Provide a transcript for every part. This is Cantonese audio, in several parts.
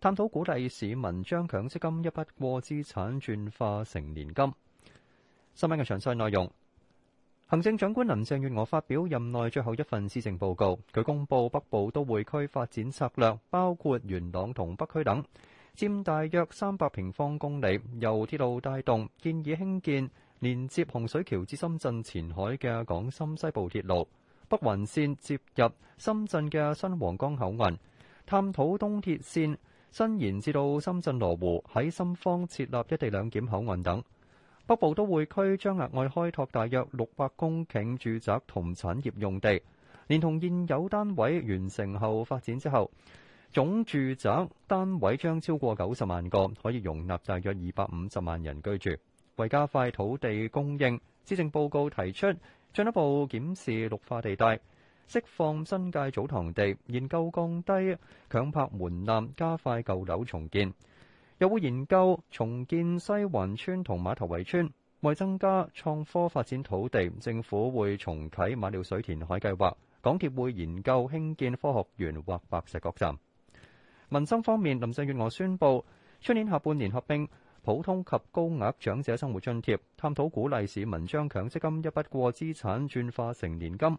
探討鼓勵市民將強積金一筆過資產轉化成年金。新聞嘅詳細內容，行政長官林鄭月娥發表任內最後一份施政報告，佢公布北部都會區發展策略，包括元朗同北區等，佔大約三百平方公里，由鐵路帶動，建議興建連接洪水橋至深圳前海嘅港深西部鐵路北環線，接入深圳嘅新皇崗口岸，探討東鐵線。新延至到深圳羅湖，喺深方設立一地兩檢口岸等。北部都會區將額外開拓大約六百公頃住宅同產業用地，連同現有單位完成後發展之後，總住宅單位將超過九十萬個，可以容納大約二百五十萬人居住。為加快土地供應，施政報告提出進一步檢視綠化地帶。釋放新界祖堂地，研究降低強拍門檻，加快舊樓重建；又會研究重建西環村同馬頭圍村，為增加創科發展土地，政府會重啟馬料水填海計劃。港鐵會研究興建科學園或白石角站。民生方面，林鄭月娥宣布，出年下半年合併普通及高額長者生活津貼，探討鼓勵市民將強積金一筆過資產轉化成年金。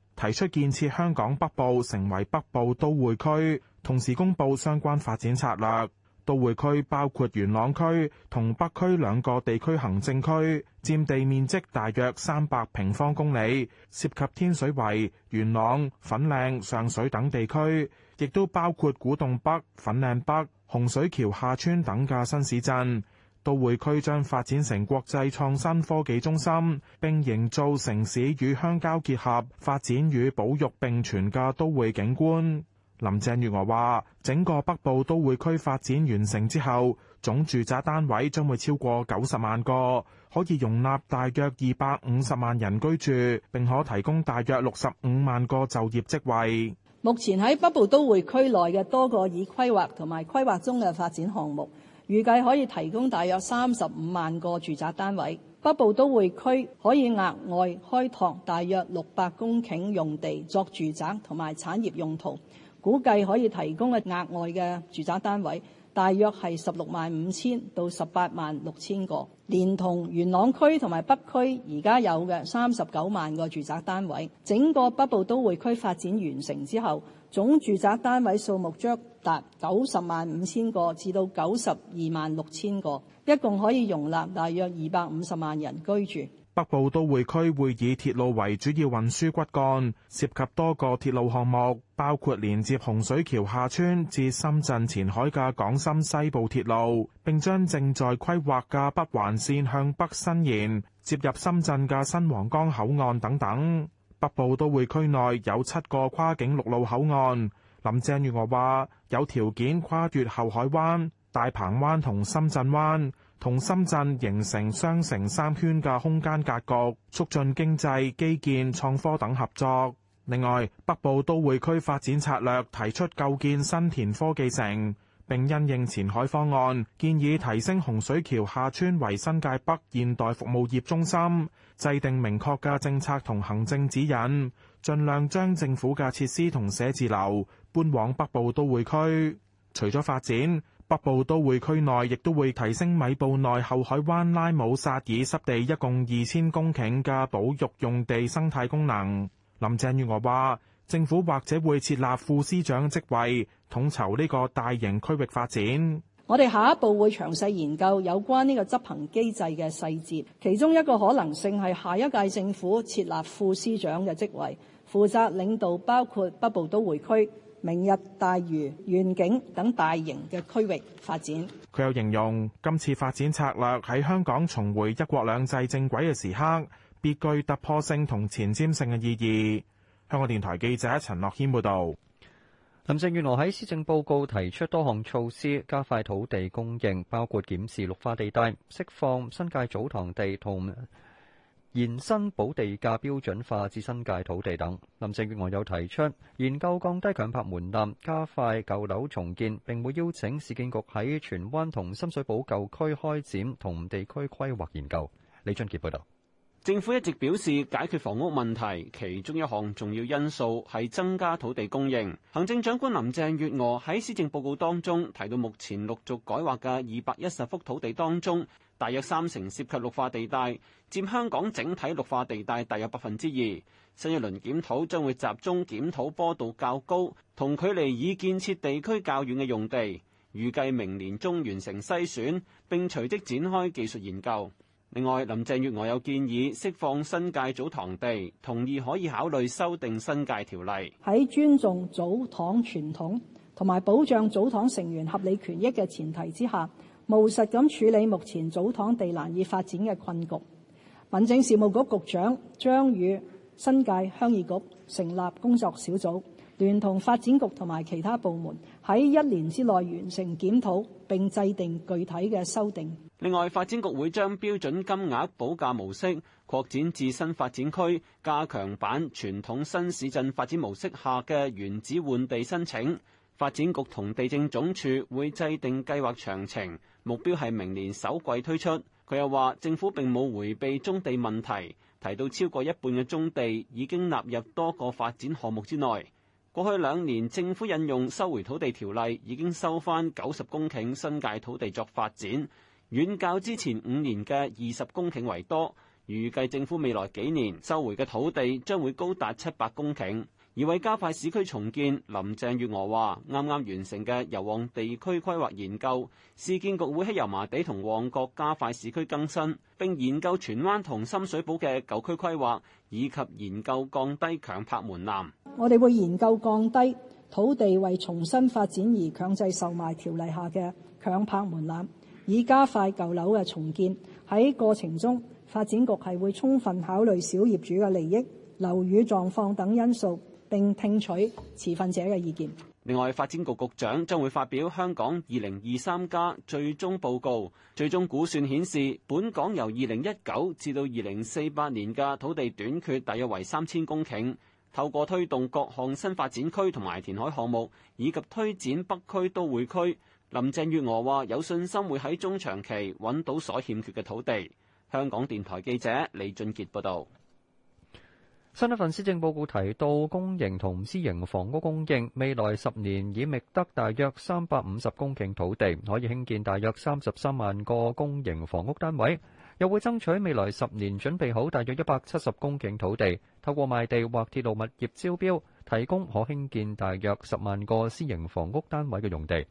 提出建設香港北部成為北部都會區，同時公布相關發展策略。都會區包括元朗區同北區兩個地區行政區，佔地面積大約三百平方公里，涉及天水圍、元朗、粉嶺、上水等地區，亦都包括古洞北、粉嶺北、洪水橋下村等嘅新市鎮。都會區將發展成國際創新科技中心，並營造城市與鄉郊結合、發展與保育並存嘅都會景觀。林鄭月娥話，整個北部都會區發展完成之後，總住宅單位將會超過九十萬個，可以容納大約二百五十萬人居住，並可提供大約六十五萬個就業職位。目前喺北部都會區內嘅多個已規劃同埋規劃中嘅發展項目。預計可以提供大約三十五萬個住宅單位，北部都會區可以額外開拓大約六百公頃用地作住宅同埋產業用途，估計可以提供嘅額外嘅住宅單位大約係十六萬五千到十八萬六千個。連同元朗區同埋北區而家有嘅三十九萬個住宅單位，整個北部都會區發展完成之後，總住宅單位數目將達九十萬五千個至到九十二萬六千個，一共可以容納大約二百五十萬人居住。北部都會區會以鐵路為主要運輸骨幹，涉及多個鐵路項目，包括連接洪水橋下村至深圳前海嘅港深西部鐵路，並將正在規劃嘅北環線向北伸延，接入深圳嘅新皇崗口岸等等。北部都會區內有七個跨境陸路口岸，林鄭月娥話有條件跨越後海灣、大鵬灣同深圳灣。同深圳形成雙城三圈嘅空間格局，促進經濟基建、創科等合作。另外，北部都會區發展策略提出構建新田科技城，並因應前海方案，建議提升洪水橋下村為新界北現代服務業中心，制定明確嘅政策同行政指引，盡量將政府嘅設施同寫字樓搬往北部都會區。除咗發展。北部都會區內亦都會提升米埔內后海灣拉姆薩爾濕地，一共二千公頃嘅保育用地生態功能。林鄭月娥話：政府或者會設立副司長職位，統籌呢個大型區域發展。我哋下一步會詳細研究有關呢個執行機制嘅細節，其中一個可能性係下一屆政府設立副司長嘅職位，負責領導包括北部都會區明日大嶼、願景等大型嘅區域發展，佢又形容今次發展策略喺香港重回一國兩制正軌嘅時刻，別具突破性同前瞻性嘅意義。香港電台記者陳樂謙報導。林鄭月娥喺施政報告提出多項措施，加快土地供應，包括檢視綠化地帶釋放新界祖堂地同。延伸保地價標準化至新界土地等。林鄭月娥又提出研究降低強拍門檻，加快舊樓重建。並會邀請市建局喺荃灣同深水埗舊區開展同地區規劃研究。李俊傑報道。政府一直表示解決房屋問題，其中一項重要因素係增加土地供應。行政長官林鄭月娥喺施政報告當中提到，目前陸續改劃嘅二百一十幅土地當中。大約三成涉及綠化地帶，佔香港整體綠化地帶大約百分之二。新一輪檢討將會集中檢討坡度較高同距離已建設地區較遠嘅用地，預計明年中完成篩選並隨即展開技術研究。另外，林鄭月娥有建議釋放新界祖堂地，同意可以考慮修訂新界條例。喺尊重祖堂傳統同埋保障祖堂成員合理權益嘅前提之下，務實咁處理目前祖堂地難以發展嘅困局，民政事務局局長將與新界鄉議局成立工作小組，聯同發展局同埋其他部門喺一年之內完成檢討並制定具體嘅修訂。另外，發展局會將標準金額補價模式擴展至新發展區，加強版傳統新市鎮發展模式下嘅原址換地申請。發展局同地政總署會制定計劃詳情，目標係明年首季推出。佢又話，政府並冇迴避棕地問題，提到超過一半嘅棕地已經納入多個發展項目之內。過去兩年，政府引用收回土地條例，已經收返九十公頃新界土地作發展，遠較之前五年嘅二十公頃為多。預計政府未來幾年收回嘅土地將會高達七百公頃。而為加快市區重建，林鄭月娥話：啱啱完成嘅油旺地區規劃研究，市建局會喺油麻地同旺角加快市區更新，並研究荃灣同深水埗嘅舊區規劃，以及研究降低強拍門檻。我哋會研究降低土地為重新發展而強制售賣條例下嘅強拍門檻，以加快舊樓嘅重建。喺過程中，發展局係會充分考慮小業主嘅利益、樓宇狀況等因素。並聽取持份者嘅意見。另外，發展局局長將會發表香港二零二三家最終報告。最終估算顯示，本港由二零一九至到二零四八年嘅土地短缺大約為三千公頃，透過推動各項新發展區同埋填海項目，以及推展北區都會區。林鄭月娥話有信心會喺中長期搵到所欠缺嘅土地。香港電台記者李俊杰報道。新一份施政報告提到，公營同私營房屋供應未來十年已覓得大約三百五十公頃土地，可以興建大約三十三萬個公營房屋單位。又會爭取未來十年準備好大約一百七十公頃土地，透過賣地或鐵路物業招標，提供可興建大約十萬個私營房屋單位嘅用地。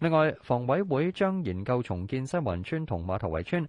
另外，房委會將研究重建西環村同馬頭圍村。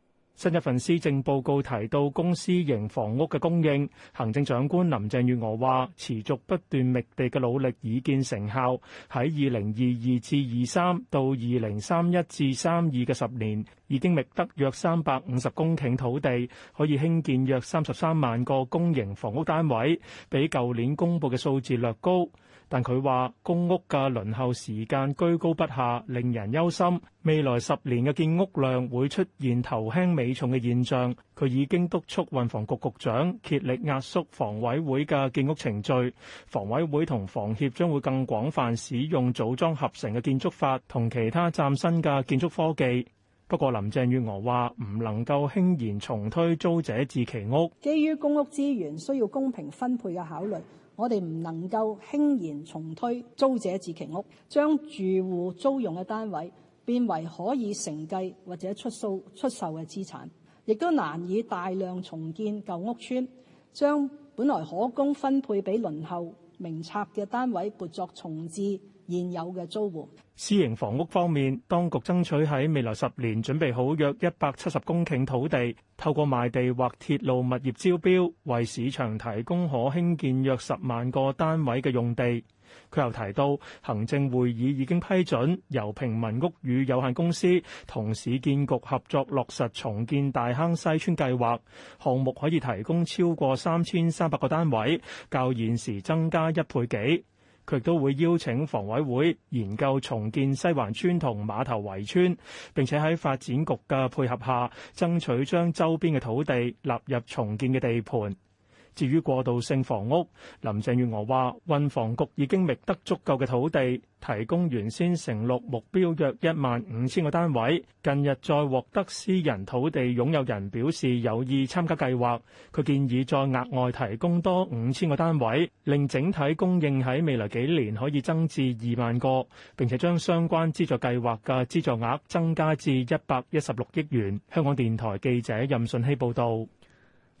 新一份施政報告提到公營房屋嘅供應，行政長官林鄭月娥話：持續不斷覓地嘅努力已見成效，喺二零二二至二三到二零三一至三二嘅十年，已經覓得約三百五十公頃土地，可以興建約三十三萬個公營房屋單位，比舊年公佈嘅數字略高。但佢話公屋嘅輪候時間居高不下，令人憂心。未來十年嘅建屋量會出現頭輕尾重嘅現象。佢已經督促運房局局長竭力壓縮房委會嘅建屋程序。房委會同房協將會更廣泛使用組裝合成嘅建築法同其他嶄新嘅建築科技。不過林鄭月娥話唔能夠輕言重推租者置其屋，基於公屋資源需要公平分配嘅考慮。我哋唔能夠輕言重推租者置其屋，將住戶租用嘅單位變為可以承繼或者出售出售嘅資產，亦都難以大量重建舊屋邨，將本來可供分配俾輪候名冊嘅單位撥作重置。現有嘅租戶，私營房屋方面，當局爭取喺未來十年準備好約一百七十公頃土地，透過賣地或鐵路物業招標，為市場提供可興建約十萬個單位嘅用地。佢又提到，行政會議已經批准由平民屋宇有限公司同市建局合作落實重建大坑西村計劃，項目可以提供超過三千三百個單位，較現時增加一倍幾。佢都會邀請房委會研究重建西環邨同馬頭圍邨，並且喺發展局嘅配合下，爭取將周邊嘅土地納入重建嘅地盤。至於過渡性房屋，林鄭月娥話：運房局已經覓得足夠嘅土地，提供原先承諾目標約一萬五千個單位。近日再獲得私人土地擁有人表示有意參加計劃，佢建議再額外提供多五千個單位，令整體供應喺未來幾年可以增至二萬個。並且將相關資助計劃嘅資助額增加至一百一十六億元。香港電台記者任信希報導。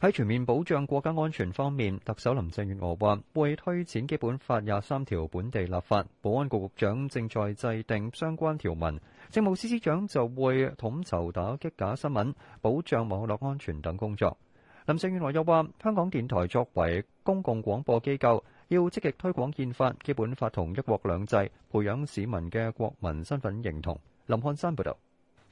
喺全面保障國家安全方面，特首林鄭月娥話會推展基本法廿三條本地立法，保安局局長正在制定相關條文。政務司司長就會統籌打擊假新聞、保障網絡安全等工作。林鄭月娥又話：香港電台作為公共廣播機構，要積極推廣憲法、基本法同一國兩制，培養市民嘅國民身份認同。林漢山報道。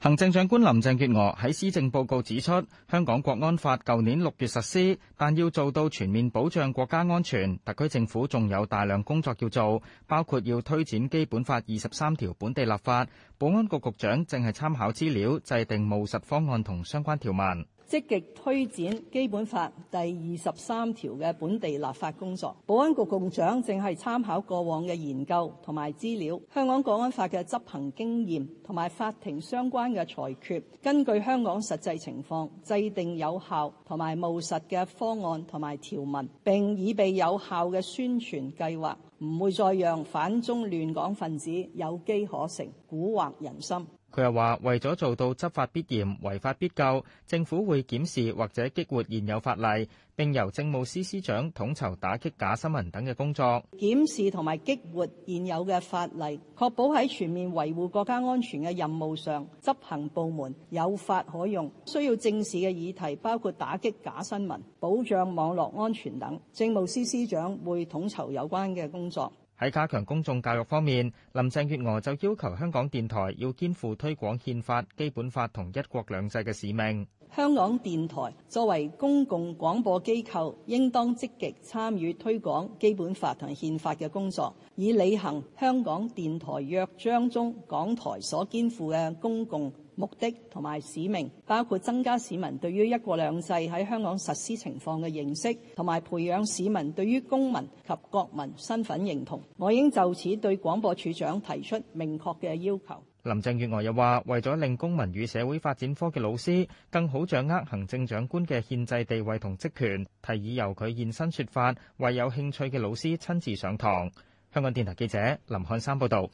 行政長官林鄭月娥喺施政報告指出，香港國安法舊年六月實施，但要做到全面保障國家安全，特區政府仲有大量工作要做，包括要推展基本法二十三條本地立法。保安局局長正係參考資料，制定務實方案同相關條文。積極推展《基本法》第二十三條嘅本地立法工作。保安局局長正係參考過往嘅研究同埋資料、香港《國安法》嘅執行經驗同埋法庭相關嘅裁決，根據香港實際情況制定有效同埋務實嘅方案同埋條文，並已被有效嘅宣傳計劃，唔會再讓反中亂港分子有機可乘、蠱惑人心。佢又話：為咗做到執法必嚴、違法必究，政府會檢視或者激活現有法例，並由政務司司長統籌打擊假新聞等嘅工作。檢視同埋激活現有嘅法例，確保喺全面維護國家安全嘅任務上，執行部門有法可用。需要正視嘅議題包括打擊假新聞、保障網絡安全等。政務司司長會統籌有關嘅工作。喺加強公眾教育方面，林鄭月娥就要求香港電台要肩負推廣憲法、基本法同一國兩制嘅使命。香港電台作為公共廣播機構，應當積極參與推廣基本法同憲法嘅工作，以履行香港電台約章中港台所肩負嘅公共。目的同埋使命，包括增加市民對於一國兩制喺香港實施情況嘅認識，同埋培養市民對於公民及國民身份認同。我已經就此對廣播處長提出明確嘅要求。林鄭月娥又話，為咗令公民與社會發展科嘅老師更好掌握行政長官嘅憲制地位同職權，提議由佢現身說法，為有興趣嘅老師親自上堂。香港電台記者林漢山報道。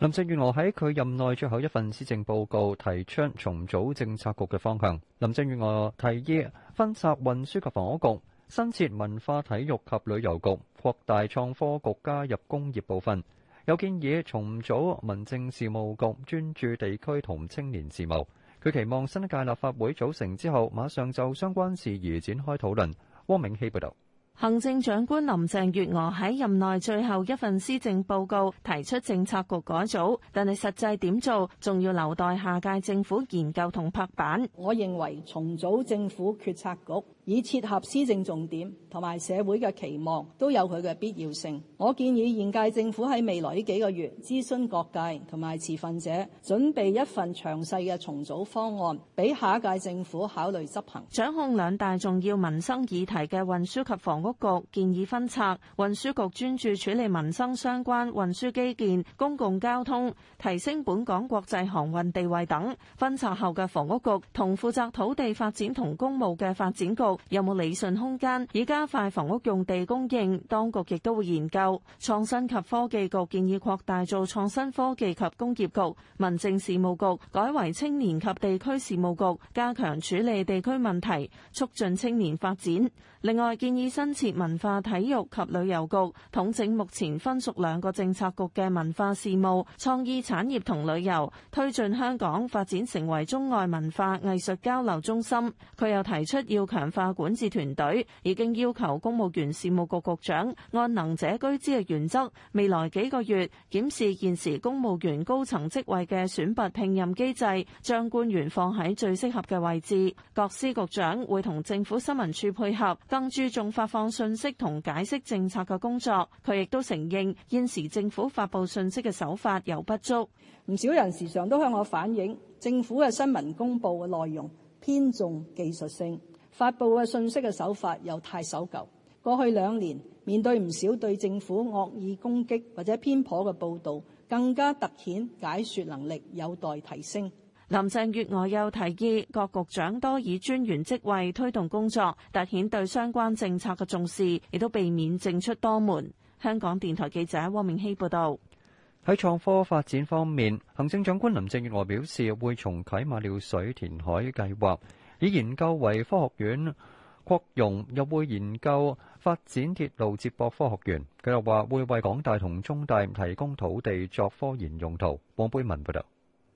林鄭月娥喺佢任內最後一份施政報告，提出重組政策局嘅方向。林鄭月娥提議分拆運輸及房屋局，新設文化、體育及旅遊局，擴大創科局加入工業部分，有建議重組民政事務局，專注地區同青年事務。佢期望新一屆立法會組成之後，馬上就相關事宜展開討論。汪明希報道。行政長官林鄭月娥喺任內最後一份施政報告，提出政策局改組，但係實際點做，仲要留待下屆政府研究同拍板。我認為重組政府決策局，以切合施政重點同埋社會嘅期望，都有佢嘅必要性。我建議現屆政府喺未來幾個月諮詢各界同埋持份者，準備一份詳細嘅重組方案，俾下一屆政府考慮執行。掌控兩大重要民生議題嘅運輸及房屋局建議分拆運輸局，專注處理民生相關運輸基建、公共交通、提升本港國際航運地位等。分拆後嘅房屋局同負責土地發展同公務嘅發展局，有冇理順空間，以加快房屋用地供應，當局亦都會研究創新及科技局建議擴大做創新科技及工業局、民政事務局改為青年及地區事務局，加強處理地區問題，促進青年發展。另外建議新設文化、體育及旅遊局，統整目前分屬兩個政策局嘅文化事務、創意產業同旅遊，推進香港發展成為中外文化藝術交流中心。佢又提出要強化。管治團隊已經要求公務員事務局局長按能者居之嘅原則，未來幾個月檢視現時公務員高層職位嘅選拔聘任機制，將官員放喺最適合嘅位置。各司局長會同政府新聞處配合，更注重發放信息同解釋政策嘅工作。佢亦都承認現時政府發布信息嘅手法有不足。唔少人時常都向我反映，政府嘅新聞公布嘅內容偏重技術性。發布嘅信息嘅手法又太守舊，過去兩年面對唔少對政府惡意攻擊或者偏頗嘅報導，更加突顯解説能力有待提升。林鄭月娥又提議各局長多以專員職位推動工作，凸顯對相關政策嘅重視，亦都避免政出多門。香港電台記者汪明希報道。喺創科發展方面，行政長官林鄭月娥表示會重啟馬料水填海計劃。以研究為科學園擴容，又會研究發展鐵路接駁科學園。佢又話會為港大同中大提供土地作科研用途。黃貝文報道，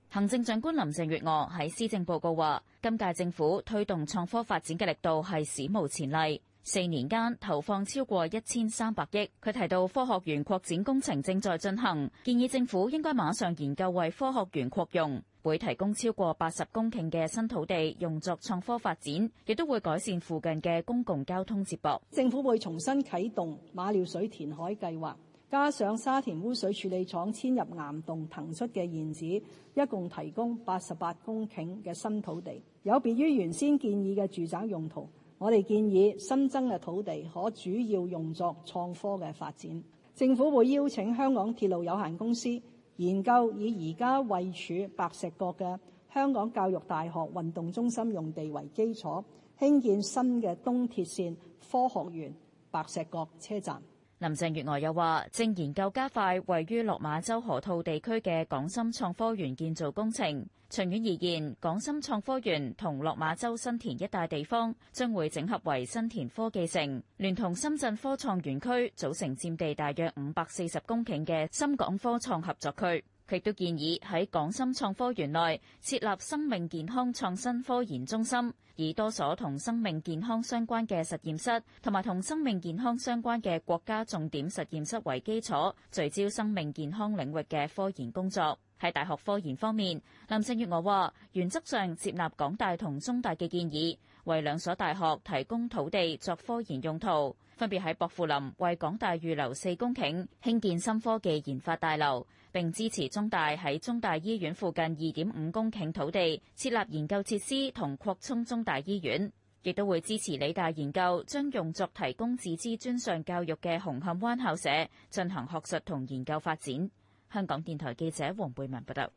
行政長官林鄭月娥喺施政報告話：今屆政府推動創科發展嘅力度係史無前例，四年間投放超過一千三百億。佢提到科學園擴展工程正在進行，建議政府應該馬上研究為科學園擴容。會提供超過八十公頃嘅新土地用作創科發展，亦都會改善附近嘅公共交通接駁。政府會重新啟動馬料水填海計劃，加上沙田污水處理廠遷入岩洞騰出嘅現址，一共提供八十八公頃嘅新土地。有別於原先建議嘅住宅用途，我哋建議新增嘅土地可主要用作創科嘅發展。政府會邀請香港鐵路有限公司。研究以而家位處白石角嘅香港教育大學運動中心用地為基礎，興建新嘅東鐵綫科學園白石角車站。林鄭月娥又話，正研究加快位於落馬洲河套地區嘅港深創科園建造工程。長遠而言，港深創科園同落馬洲新田一帶地方將會整合為新田科技城，聯同深圳科創園區，組成佔地大約五百四十公頃嘅深港科創合作區。佢亦都建議喺港深創科園內設立生命健康創新科研中心，以多所同生命健康相關嘅實驗室同埋同生命健康相關嘅國家重點實驗室為基礎，聚焦生命健康領域嘅科研工作。喺大學科研方面，林鄭月娥話原則上接納港大同中大嘅建議，為兩所大學提供土地作科研用途，分別喺薄扶林為港大預留四公頃，興建新科技研發大樓。並支持中大喺中大醫院附近二點五公頃土地設立研究設施同擴充中大醫院，亦都會支持理大研究將用作提供自資專上教育嘅紅磡灣校舍進行學術同研究發展。香港電台記者黃貝文報道。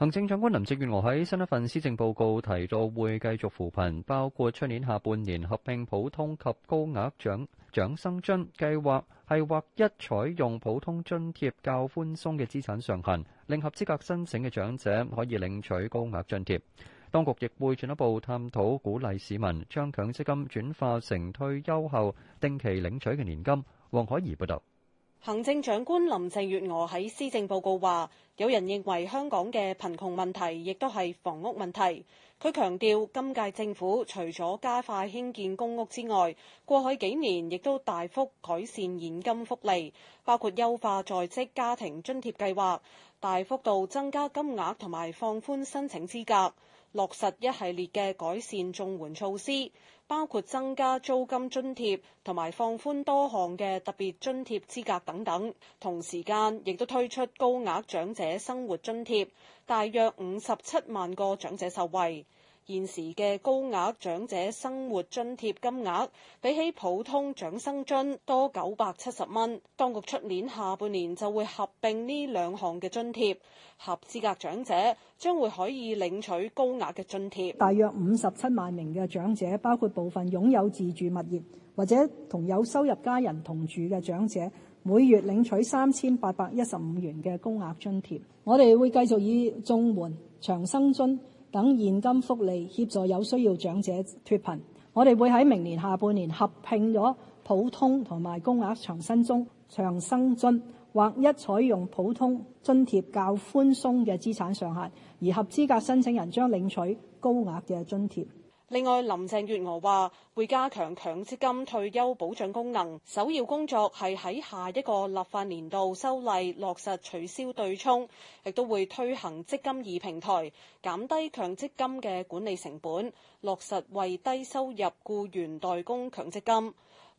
行政長官林鄭月娥喺新一份施政報告提到，會繼續扶貧，包括出年下半年合併普通及高額長長生津計劃，係劃一採用普通津貼較寬鬆嘅資產上限，令合資格申請嘅長者可以領取高額津貼。當局亦會進一步探討鼓勵市民將強積金轉化成退休後定期領取嘅年金。王海怡報導。行政長官林鄭月娥喺施政報告話：有人認為香港嘅貧窮問題亦都係房屋問題。佢強調，今屆政府除咗加快興建公屋之外，過去幾年亦都大幅改善現金福利，包括優化在職家庭津貼計劃，大幅度增加金額同埋放寬申請資格，落實一系列嘅改善綜援措施。包括增加租金津貼同埋放寬多項嘅特別津貼資格等等，同時間亦都推出高額長者生活津貼，大約五十七萬個長者受惠。現時嘅高額長者生活津貼金額比起普通長生津多九百七十蚊，當局出年下半年就會合併呢兩項嘅津貼，合資格長者將會可以領取高額嘅津貼。大約五十七萬名嘅長者，包括部分擁有自住物業或者同有收入家人同住嘅長者，每月領取三千八百一十五元嘅高額津貼。我哋會繼續以綜援長生津，等現金福利協助有需要長者脫貧。我哋會喺明年下半年合併咗普通同埋高額長生津，長生津，或一採用普通津貼較寬鬆嘅資產上限，而合資格申請人將領取高額嘅津貼。另外，林鄭月娥話會加強強積金退休保障功能，首要工作係喺下一個立法年度修例落實取消對沖，亦都會推行積金二平台，減低強積金嘅管理成本，落實為低收入僱員代供強積金。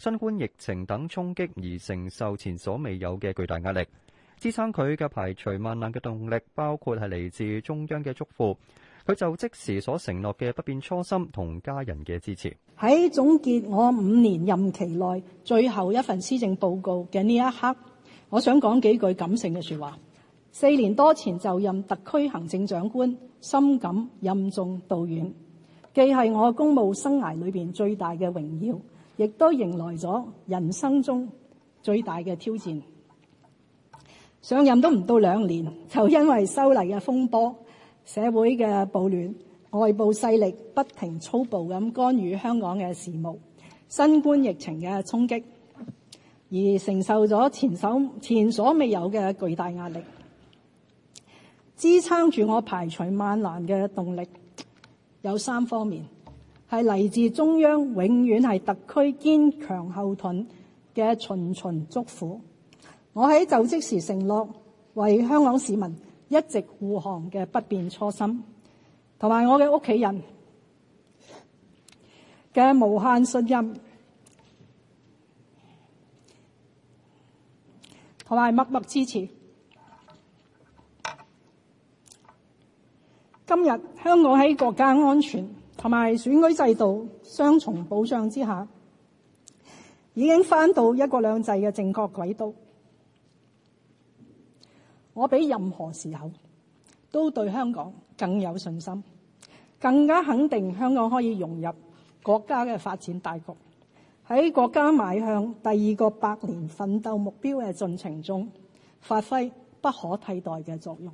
新冠疫情等衝擊而承受前所未有嘅巨大壓力，支撐佢嘅排除萬難嘅動力，包括係嚟自中央嘅祝福。佢就即時所承諾嘅不變初心同家人嘅支持。喺總結我五年任期內最後一份施政報告嘅呢一刻，我想講幾句感性嘅說話。四年多前就任特區行政長官，深感任重道遠，既係我公務生涯裏邊最大嘅榮耀。亦都迎來咗人生中最大嘅挑戰，上任都唔到兩年，就因為修例嘅風波、社會嘅暴亂、外部勢力不停粗暴咁干預香港嘅事務、新冠疫情嘅衝擊，而承受咗前所前所未有嘅巨大壓力。支撐住我排除萬難嘅動力有三方面。係嚟自中央，永遠係特區堅強後盾嘅循循祝福。我喺就職時承諾，為香港市民一直護航嘅不變初心，同埋我嘅屋企人嘅無限信任，同埋默默支持。今日香港喺國家安全，同埋選舉制度雙重保障之下，已經翻到一國兩制嘅正確軌道。我比任何時候都對香港更有信心，更加肯定香港可以融入國家嘅發展大局。喺國家邁向第二個百年奮鬥目標嘅進程中，發揮不可替代嘅作用。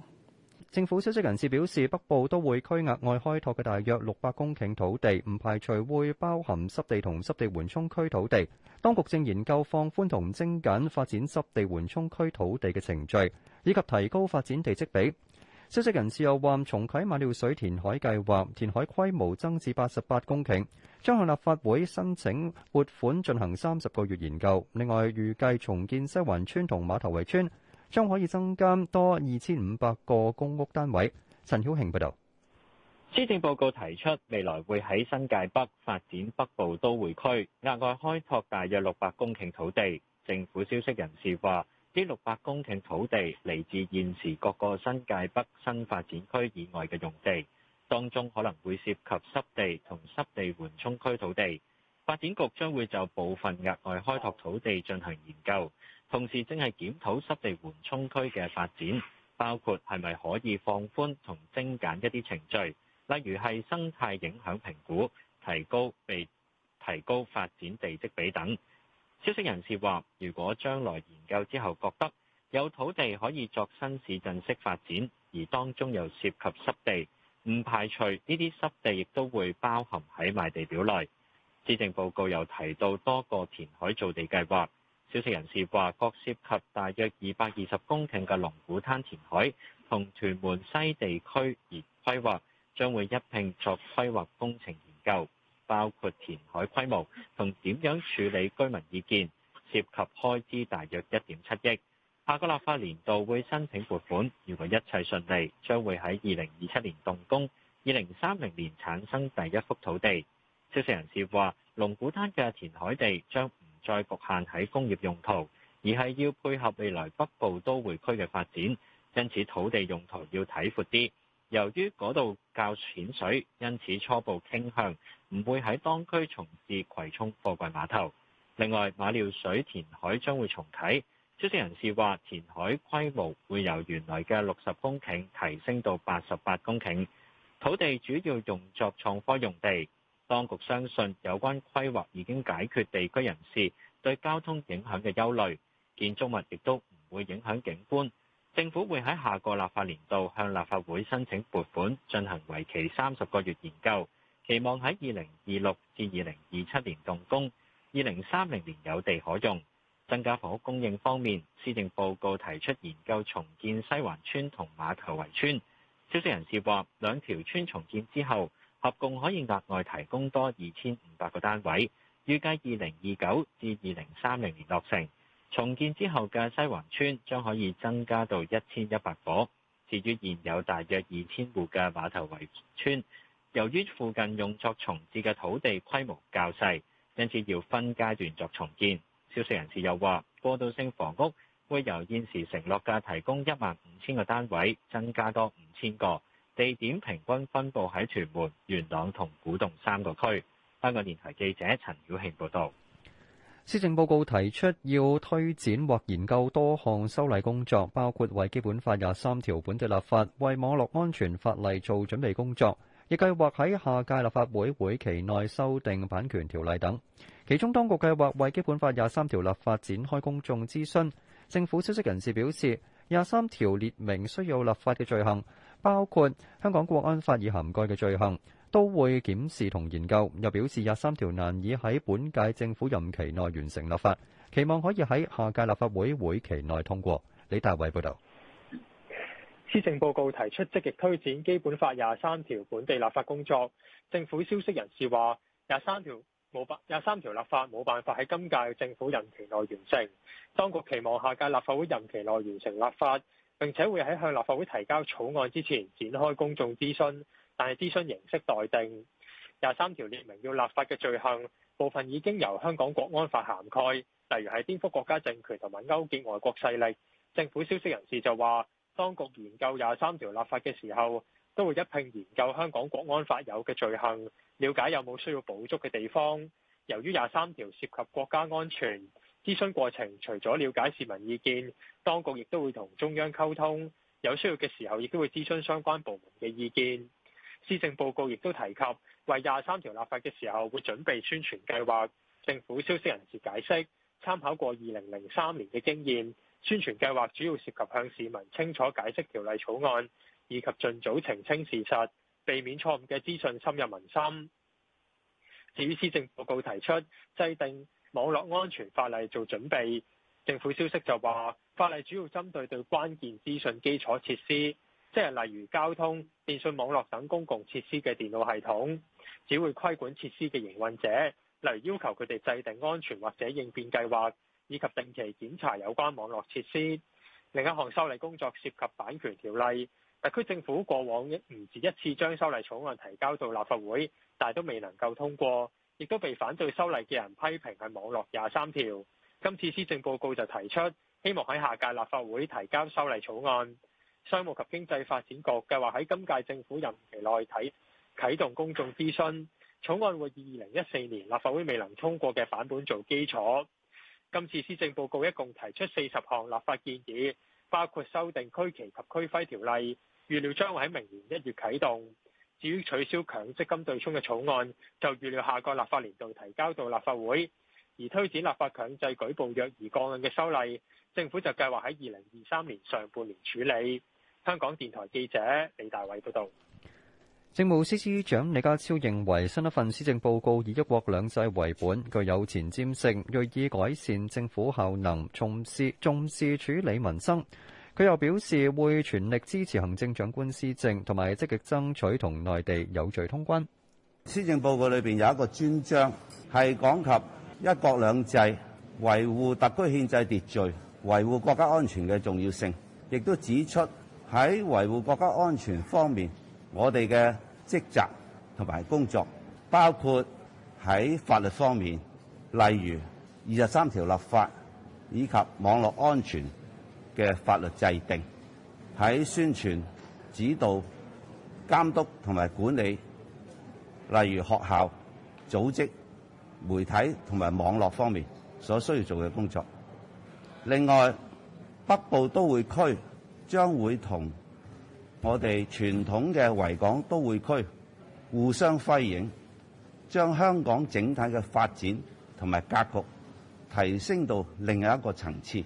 政府消息人士表示，北部都會區額外開拓嘅大約六百公頃土地，唔排除會包含濕地同濕地緩衝區土地。當局正研究放寬同精簡發展濕地緩衝區土地嘅程序，以及提高發展地積比。消息人士又話，重啟馬料水填海計劃，填海規模增至八十八公頃，將向立法會申請撥款進行三十個月研究。另外，預計重建西環邨同馬頭圍邨。將可以增加多二千五百個公屋單位。陳曉慶報道，施政報告提出未來會喺新界北發展北部都會區，額外開拓大約六百公頃土地。政府消息人士話，呢六百公頃土地嚟自現時各個新界北新發展區以外嘅用地，當中可能會涉及濕地同濕地緩衝區土地。發展局將會就部分額外開拓土地進行研究。同時正係檢討濕地緩衝區嘅發展，包括係咪可以放寬同精簡一啲程序，例如係生態影響評估提高被提高發展地積比等。消息人士話，如果將來研究之後覺得有土地可以作新市鎮式發展，而當中又涉及濕地，唔排除呢啲濕地亦都會包含喺賣地表內。施政報告又提到多個填海造地計劃。消息人士話，各涉及大約二百二十公頃嘅龍鼓灘填海同屯門西地區而規劃，將會一併作規劃工程研究，包括填海規模同點樣處理居民意見，涉及開支大約一點七億。下個立法年度會申請撥款，如果一切順利，將會喺二零二七年動工，二零三零年產生第一幅土地。消息人士話，龍鼓灘嘅填海地將再局限喺工業用途，而係要配合未來北部都會區嘅發展，因此土地用途要睇闊啲。由於嗰度較淺水，因此初步傾向唔會喺當區重置葵涌貨櫃碼頭。另外，馬料水填海將會重啟，消息人士話，填海規模會由原來嘅六十公頃提升到八十八公頃，土地主要用作創科用地。當局相信有關規劃已經解決地區人士對交通影響嘅憂慮，建築物亦都唔會影響景觀。政府會喺下個立法年度向立法會申請撥款，進行為期三十個月研究，期望喺二零二六至二零二七年動工，二零三零年有地可用。增加房屋供應方面，施政報告提出研究重建西環村同碼頭圍村。消息人士話，兩條村重建之後，合共可以額外提供多二千五百個單位，預計二零二九至二零三零年落成。重建之後嘅西環村將可以增加到一千一百個，至於現有大約二千戶嘅碼頭圍村，由於附近用作重置嘅土地規模較細，因此要分階段作重建。消息人士又話，過渡性房屋會由現時承諾嘅提供一萬五千個單位，增加多五千個。地點平均分布喺屯門、元朗同古洞三個區。香港電台記者陳曉慶報道。施政報告提出要推展或研究多項修例工作，包括為《基本法》廿三條本地立法、為網絡安全法例做準備工作，亦計劃喺下屆立法會會期內修訂版權條例等。其中，當局計劃為《基本法》廿三條立法展開公眾諮詢。政府消息人士表示，《廿三條》列明需要立法嘅罪行。包括香港國安法以涵蓋嘅罪行，都會檢視同研究。又表示廿三條難以喺本屆政府任期內完成立法，期望可以喺下屆立法會會期內通過。李大偉報導。施政報告提出積極推展基本法廿三條本地立法工作。政府消息人士話，廿三條冇辦，廿三條立法冇辦法喺今屆政府任期內完成。當局期望下屆立法會任期內完成立法。並且會喺向立法會提交草案之前展開公眾諮詢，但係諮詢形式待定。廿三條列明要立法嘅罪行，部分已經由香港國安法涵蓋，例如係顛覆國家政權同埋勾結外國勢力。政府消息人士就話，當局研究廿三條立法嘅時候，都會一並研究香港國安法有嘅罪行，了解有冇需要補足嘅地方。由於廿三條涉及國家安全。諮詢過程除咗了解市民意見，當局亦都會同中央溝通，有需要嘅時候亦都會諮詢相關部門嘅意見。施政報告亦都提及，為廿三條立法嘅時候會準備宣傳計劃。政府消息人士解釋，參考過二零零三年嘅經驗，宣傳計劃主要涉及向市民清楚解釋條例草案，以及盡早澄清事實，避免錯誤嘅資訊深入民心。至於施政報告提出制定。網絡安全法例做準備，政府消息就話，法例主要針對對關鍵資訊基礎設施，即係例如交通、電信網絡等公共設施嘅電腦系統，只會規管設施嘅營運者，例如要求佢哋制定安全或者應變計劃，以及定期檢查有關網絡設施。另一項修例工作涉及版權條例，特區政府過往唔止一次將修例草案提交到立法會，但係都未能夠通過。亦都被反對修例嘅人批評係網絡廿三條。今次施政報告就提出，希望喺下屆立法會提交修例草案。商務及經濟發展局計劃喺今屆政府任期內啟啟動公眾諮詢草案，會以二零一四年立法會未能通過嘅版本做基礎。今次施政報告一共提出四十項立法建議，包括修訂區旗及區徽條例，預料將會喺明年一月啟動。至於取消強積金對沖嘅草案，就預料下個立法年度提交到立法會；而推展立法強制舉報虐兒個案嘅修例，政府就計劃喺二零二三年上半年處理。香港電台記者李大偉報道。政務司司長李家超認為，新一份施政報告以一國兩制為本，具有前瞻性，銳意改善政府效能，重視重視處理民生。佢又表示會全力支持行政長官施政，同埋積極爭取同內地有序通關。施政報告裏邊有一個專章係講及一國兩制、維護特區憲制秩序、維護國家安全嘅重要性，亦都指出喺維護國家安全方面，我哋嘅職責同埋工作，包括喺法律方面，例如二十三條立法以及網絡安全。嘅法律制定，喺宣傳、指導、監督同埋管理，例如學校、組織、媒體同埋網絡方面所需要做嘅工作。另外，北部都會區將會同我哋傳統嘅維港都會區互相輝映，將香港整體嘅發展同埋格局提升到另一個層次。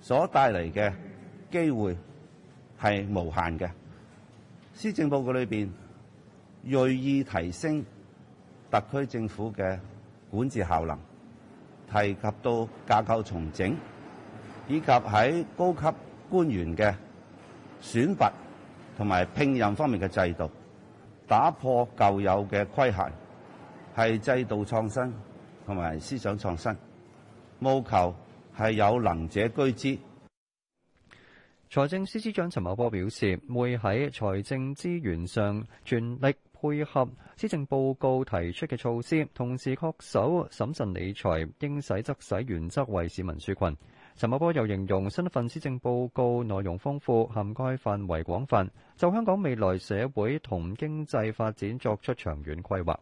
所帶嚟嘅機會係無限嘅。施政報告裏面，鋭意提升特區政府嘅管治效能，提及到架構重整，以及喺高級官員嘅選拔同埋聘任方面嘅制度，打破舊有嘅規限，係制度創新同埋思想創新，務求。係有能者居之。財政司司長陳茂波表示，會喺財政資源上全力配合施政報告提出嘅措施，同時確守審慎理財、應使則使原則，為市民紓困。陳茂波又形容新一份施政報告內容豐富，涵蓋範圍廣泛，就香港未來社會同經濟發展作出長遠規劃。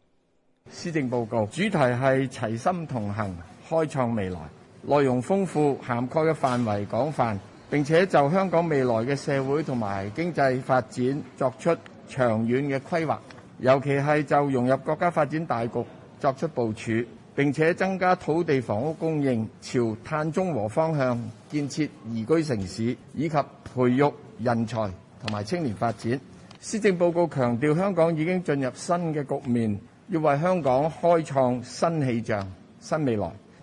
施政報告主題係齊心同行，開創未來。內容豐富，涵蓋嘅範圍廣泛，並且就香港未來嘅社會同埋經濟發展作出長遠嘅規劃，尤其係就融入國家發展大局作出部署，並且增加土地房屋供應，朝碳中和方向建設宜居城市，以及培育人才同埋青年發展。施政報告強調，香港已經進入新嘅局面，要為香港開創新氣象、新未來。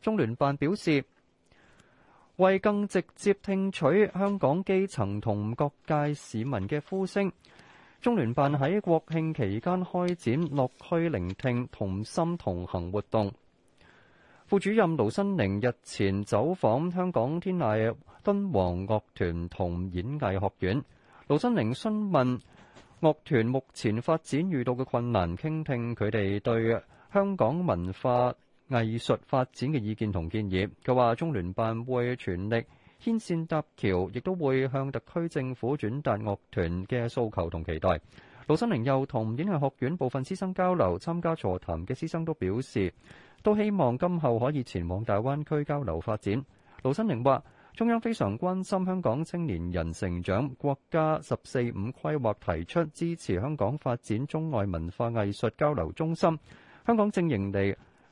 中聯辦表示，為更直接聽取香港基層同各界市民嘅呼聲，中聯辦喺國慶期間開展落區聆聽同心同行活動。副主任盧新寧日前走訪香港天籟敦煌樂團同演藝學院，盧新寧詢問樂團目前發展遇到嘅困難，傾聽佢哋對香港文化藝術發展嘅意見同建議，佢話中聯辦會全力牽線搭橋，亦都會向特區政府轉達樂團嘅訴求同期待。盧新寧又同演藝學院部分師生交流，參加座談嘅師生都表示，都希望今後可以前往大灣區交流發展。盧新寧話：中央非常關心香港青年人成長，國家十四五規劃提出支持香港發展中外文化藝術交流中心，香港正迎嚟。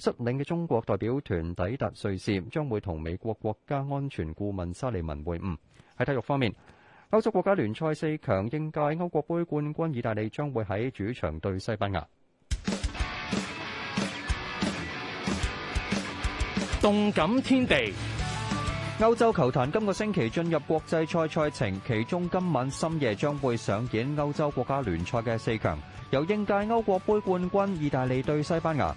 率領嘅中國代表團抵達瑞士，將會同美國國家安全顧問沙利文會晤。喺體育方面，歐洲國家聯賽四強應屆歐國盃冠軍意大利將會喺主場對西班牙。動感天地，歐洲球壇今個星期進入國際賽賽程，其中今晚深夜將會上演歐洲國家聯賽嘅四強，由應屆歐國盃冠軍意大利對西班牙。。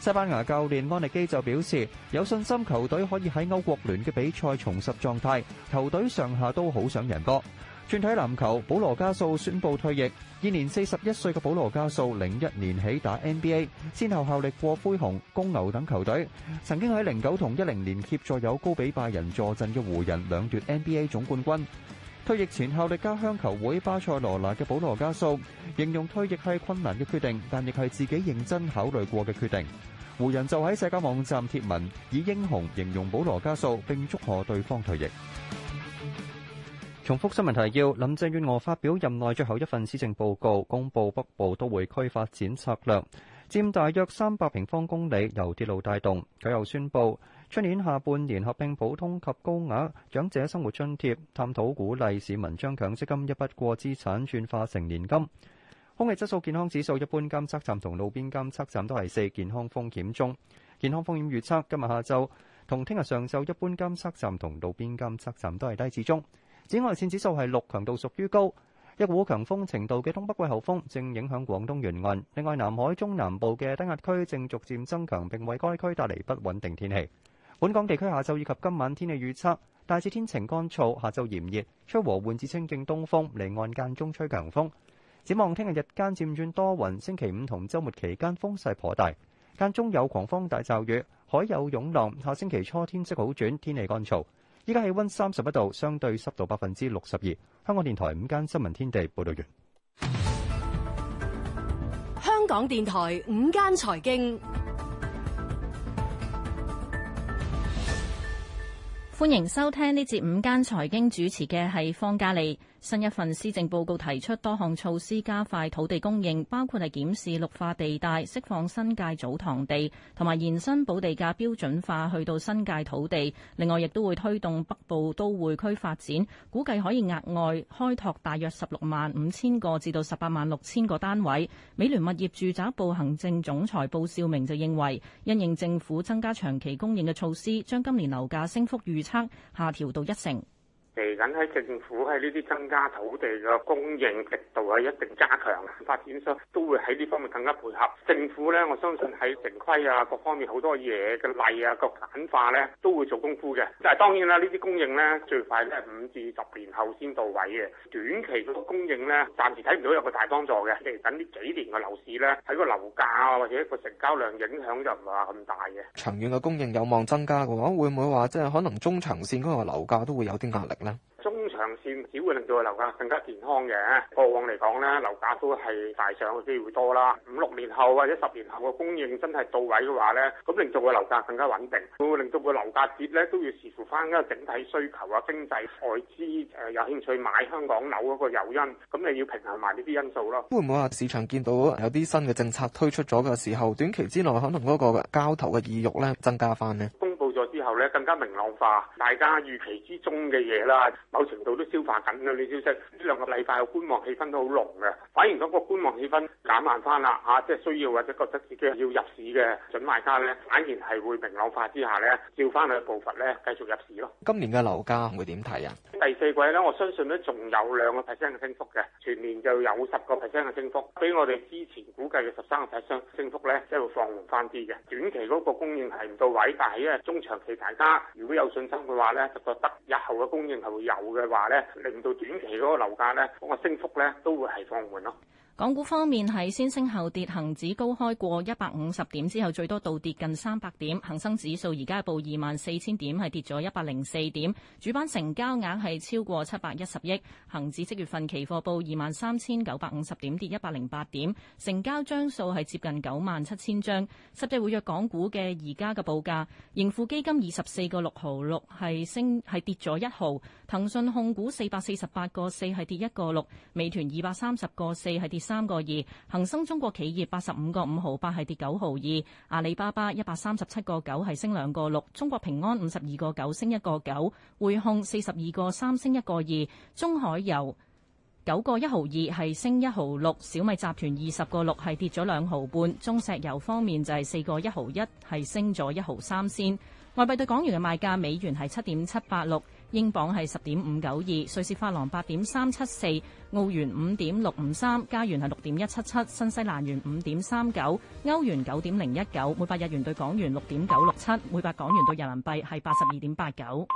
西班牙教練安利基就表示，有信心球隊可以喺歐國聯嘅比賽重拾狀態，球隊上下都好想贏波。轉睇籃球，保羅加素宣布退役。現年四十一歲嘅保羅加素，零一年起打 NBA，先後效力過灰熊、公牛等球隊，曾經喺零九同一零年協助有高比拜仁坐鎮嘅湖人兩奪退役前效力家鄉球會巴塞羅那嘅保羅加素，形容退役係困難嘅決定，但亦係自己認真考慮過嘅決定。湖人就喺社交網站貼文，以英雄形容保羅加素，並祝賀對方退役。重複新聞提要：林鄭月娥發表任內最後一份施政報告，公布北部都會區發展策略，佔大約三百平方公里，由鐵路帶動。佢又宣布。出年下半年合併普通及高額長者生活津貼，探討鼓勵市民將強積金一筆過資產轉化成年金。空氣質素健康指數，一般監測站同路邊監測站都係四，健康風險中，健康風險預測今日下晝同聽日上晝，一般監測站同路邊監測站都係低至中。紫外線指數係六，強度屬於高。一股強風程度嘅東北季候風正影響廣東沿岸，另外南海中南部嘅低壓區正逐漸增強，並為該區帶嚟不穩定天氣。本港地區下晝以及今晚天氣預測，大致天晴乾燥，下晝炎熱，吹和緩至清勁東風，離岸間中吹強風。展望聽日日間漸轉多雲，星期五同周末期間風勢頗大，間中有狂風大驟雨，海有湧浪。下星期初天色好轉，天氣乾燥。依家氣溫三十一度，相對濕度百分之六十二。香港電台午間新聞天地報道完。香港電台午間財經。歡迎收聽呢節午間財經，主持嘅係方嘉莉。新一份施政報告提出多項措施加快土地供應，包括係檢視綠化地帶、釋放新界祖堂地，同埋延伸保地價標準化去到新界土地。另外，亦都會推動北部都會區發展，估計可以額外開拓大約十六萬五千個至到十八萬六千個單位。美聯物業住宅部行政總裁布少明就認為，因應政府增加長期供應嘅措施，將今年樓價升幅預測下調到一成。嚟緊喺政府喺呢啲增加土地嘅供應力度係一定加強，發展商都會喺呢方面更加配合政府咧。我相信喺城規啊各方面好多嘢嘅例啊個簡化咧都會做功夫嘅。但係當然啦，呢啲供應咧最快咧五至十年後先到位嘅，短期嗰個供應咧暫時睇唔到有個大幫助嘅。嚟等呢幾年嘅樓市咧喺個樓價啊或者一個成交量影響就唔係話咁大嘅。長遠嘅供應有望增加嘅話，會唔會話即係可能中長線嗰個樓價都會有啲壓力咧？中長線只會令到個樓價更加健康嘅。過往嚟講咧，樓價都係大上嘅機會多啦。五六年後或者十年後嘅供應真係到位嘅話咧，咁令到個樓價更加穩定。會唔會令到個樓價跌咧？都要視乎翻個整體需求啊、經濟、外資誒、呃、有興趣買香港樓嗰個誘因。咁你要平衡埋呢啲因素咯。會唔會話市場見到有啲新嘅政策推出咗嘅時候，短期之內可能嗰個交投嘅意欲咧增加翻呢？公布咗啲。後咧更加明朗化，大家預期之中嘅嘢啦，某程度都消化緊呢啲消息。呢兩個禮拜嘅觀望氣氛都好濃嘅，反而嗰個觀望氣氛減慢翻啦嚇，即係需要或者覺得自己要入市嘅準買家咧，反而係會明朗化之下咧，照翻佢嘅步伐咧，繼續入市咯。今年嘅樓價會點睇啊？第四季咧，我相信咧，仲有兩個 percent 嘅升幅嘅，全年就有十個 percent 嘅升幅，比我哋之前估計嘅十三個 percent 升幅咧，即係會放緩翻啲嘅。短期嗰個供應係唔到位，但係因為中長期。大家如果有信心嘅話咧，就覺得日後嘅供應係會有嘅話咧，令到短期嗰個樓價咧，嗰個升幅咧，都會係放緩咯。港股方面係先升後跌，恒指高開過一百五十點之後，最多倒跌近三百點，恒生指數而家係報二萬四千點，係跌咗一百零四點，主板成交額係超過七百一十億，恒指即月份期貨報二萬三千九百五十點，跌一百零八點，成交張數係接近九萬七千張，實際會約港股嘅而家嘅報價，盈富基金二十四個六毫六係升係跌咗一毫，騰訊控股四百四十八個四係跌一個六，美團二百三十個四係跌，三個二，恒生中國企業八十五個五毫八，係跌九毫二；阿里巴巴一百三十七個九，係升兩個六；中國平安五十二個九，升一個九；匯控四十二個三，升一個二；中海油九個一毫二，係升一毫六；小米集團二十個六，係跌咗兩毫半；中石油方面就係四個一毫一，係升咗一毫三先。外幣對港元嘅賣價，美元係七點七八六。英鎊係十點五九二，瑞士法郎八點三七四，澳元五點六五三，加元係六點一七七，新西蘭元五點三九，歐元九點零一九，每百日元對港元六點九六七，每百港元對人民幣係八十二點八九。